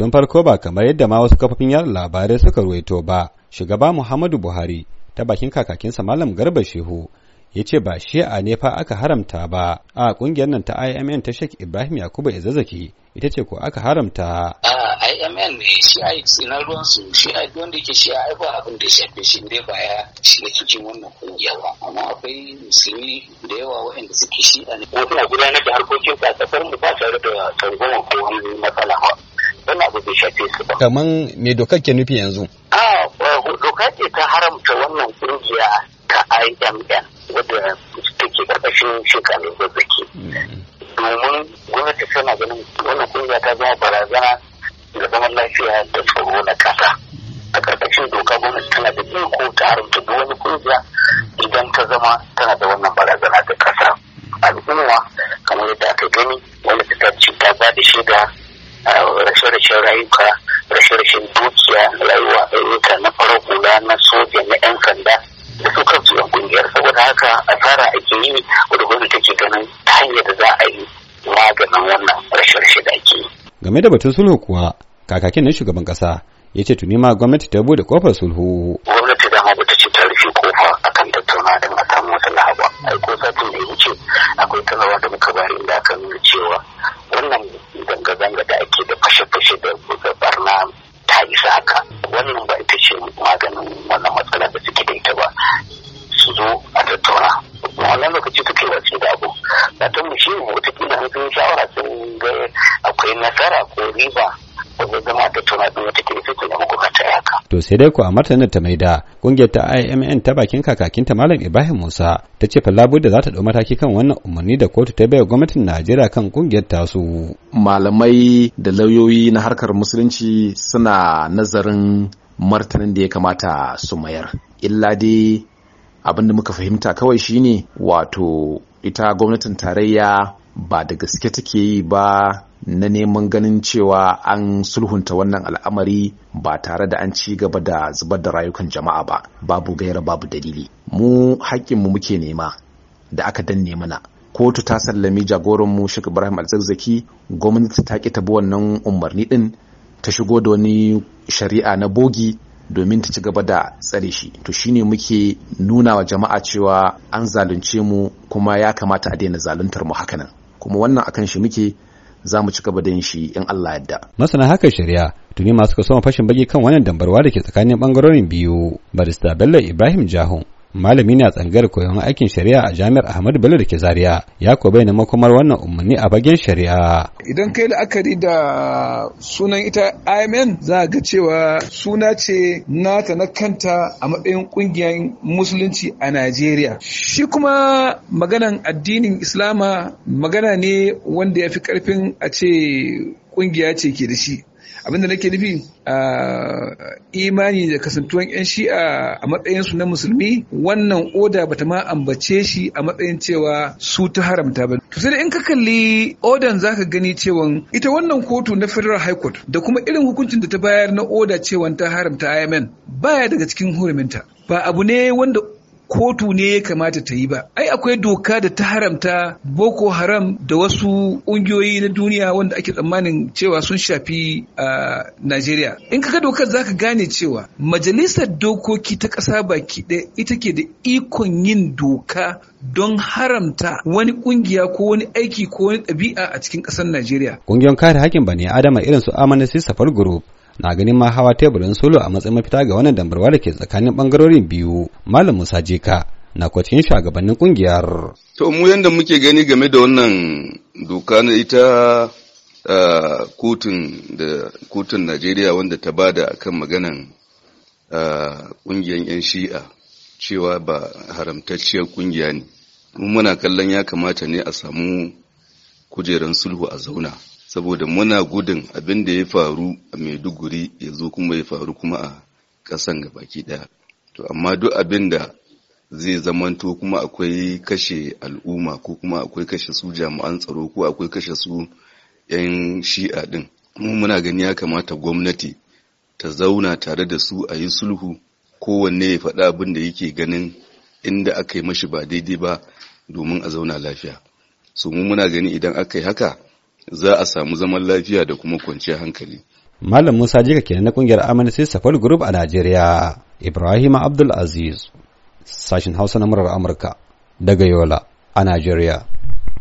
Tun farko ba kamar yadda ma wasu kafofin yar labarai suka ruwaito ba, shugaba Muhammadu Buhari ta bakin kakakinsa Malam Garba Shehu ya ce ba shi'a ne fa aka haramta ba a kungiyar nan ta IMN ta Sheikh Ibrahim Yakubu Izazaki ita ce ko aka haramta. IMN ne yi na ruwan su shi'a wanda yake a yi ba abin da shafe shi ne ba ya shiga cikin wannan kungiya ba amma akwai musulmi da yawa waɗanda suke shi'a ne. Wasu suna gudanar da harkokin kasafar mu ba tare da tsangwama ko wani matsala. shafe su ba. Kaman me dokar ke nufi yanzu? A eh, doka ce ta haramta wannan kungiya ta IMN wadda take karkashin shekaru zazzaki. Domin gwamnati tana ganin wannan kungiya ta zama barazana ga zaman lafiya da tsaro na kasa. A karkashin doka gwamnati tana da iko ta haramta duk wani kungiya idan ta zama tana da wannan barazana ga kasa. Al'umma kamar yadda aka gani wani ta ce ta ba da shaida rashe rayuka rashe-rashen dukiya rayuwa ayyuka na farar hula na soja na 'yan sanda da su kansu 'yan kungiyar saboda haka asara ake yi wadda gwamnati ke ganin ta hanyar da za a yi maganin wannan rashin shi da ake game da batun sulhu kuwa kakakin na shugaban kasa ya ce tuni ma gwamnati ta bude kofar sulhu. gwamnati dama bata ce ta rufe kofa akan tattauna da na samu wata lahaba a ko satin da ya wuce akwai talawa da muka bari da aka nuna cewa wannan zanga-zanga da tattauna wannan lokaci shawara sun akwai nasara ko riba wanda zama da tuna din sai tuna muku to sai dai ku a martanin ta maida kungiyar ta IMN ta bakin kakakinta malam Ibrahim Musa ta ce fa da za ta ɗau mataki kan wannan umarni da kotu ta baiwa gwamnatin Najeriya kan kungiyar su malamai da lauyoyi na harkar musulunci suna nazarin martanin da ya kamata su mayar illa dai abin da muka fahimta kawai shine wato ita gwamnatin tarayya ba da gaske take yi ba na neman ganin cewa an sulhunta wannan al'amari ba tare da an ci gaba da zubar da rayukan jama'a ba babu gaira babu dalili mu haƙƙinmu muke nema da aka danne mana kotu ta sallami mu Sheikh Ibrahim Alzazzaki gwamnati ta ƙi tabi wannan umarni din ta shigo da wani shari'a na bogi domin ta ci gaba da tsare shi to shine muke nuna wa jama'a cewa an zalunce mu kuma ya kamata a daina zaluntar mu haka nan kuma wannan akan shi muke za mu ci gaba da yin shi in Allah yadda. Masana haka shari'a tuni masu kasuwa fashin baki kan wannan dambarwa da ke tsakanin bangarorin biyu barista Bello Ibrahim Jahun malami ne a tsangar koyon aikin shari'a a jami'ar Ahmad Bello da ke Zaria ya ko bayyana makomar wannan umarni a bagen shari'a idan kai la'akari da sunan ita "Amen" za ga cewa suna ce nata na kanta a matsayin kungiyar musulunci a Najeriya shi kuma maganan addinin Islama magana ne wanda ya fi karfin a ce kungiya ce ke da shi abinda nake nufi imani da kasantuwan 'yan shi'a a matsayinsu na musulmi wannan oda bata ma ambace shi a matsayin cewa su ta haramta ba to sai in ka kalli odan zaka gani cewa ita wannan kotu na federal high court da kuma irin hukuncin da ta bayar na oda cewa ta haramta ayamen baya daga cikin huruminta ba abu ne wanda kotu ne ya kamata ta yi ba ai akwai doka da ta haramta boko haram da wasu ƙungiyoyi na duniya wanda ake tsammanin cewa sun shafi a najeriya in kaga dokar za ka gane cewa majalisar dokoki ta ƙasa baki ɗaya ita ke da ikon yin doka don haramta wani ƙungiya ko wani aiki ko wani ɗabi'a a cikin ƙasar najeriya ƙungiyar kare haƙƙin bani adama irin su amnesty safar group na ganin ma hawa teburin solo a matsayin mafita ga wannan dambarwa da ke tsakanin bangarorin biyu malam musa jeka na kuwa cikin shugabannin kungiyar to mu yanda muke gani game da wannan doka na ita kotun da kotun najeriya wanda ta bada kan maganan kungiyar yan shi'a cewa ba haramtacciyar kungiya ne muna kallon ya kamata ne a samu kujerar sulhu a zauna saboda muna gudun abin da ya faru a maiduguri ya zo kuma ya faru kuma a ƙasan gabaki ɗaya to amma duk abin da zai zamanto kuma akwai kashe al'umma ko kuma akwai kashe su jami'an tsaro ko akwai kashe su 'yan shi'a din, mu muna gani ya kamata gwamnati ta zauna tare da su a yi sulhu kowanne ya faɗa abin da yake ganin inda aka yi mashi ba daidai ba domin a zauna lafiya so mu muna gani idan aka yi haka za a samu zaman lafiya da kuma kwanciyar hankali. Malam Musa Jika kenan na kungiyar Amnesty Safar Group a Najeriya, Ibrahim Abdul Aziz, sashin Hausa na murar Amurka, daga Yola a Najeriya.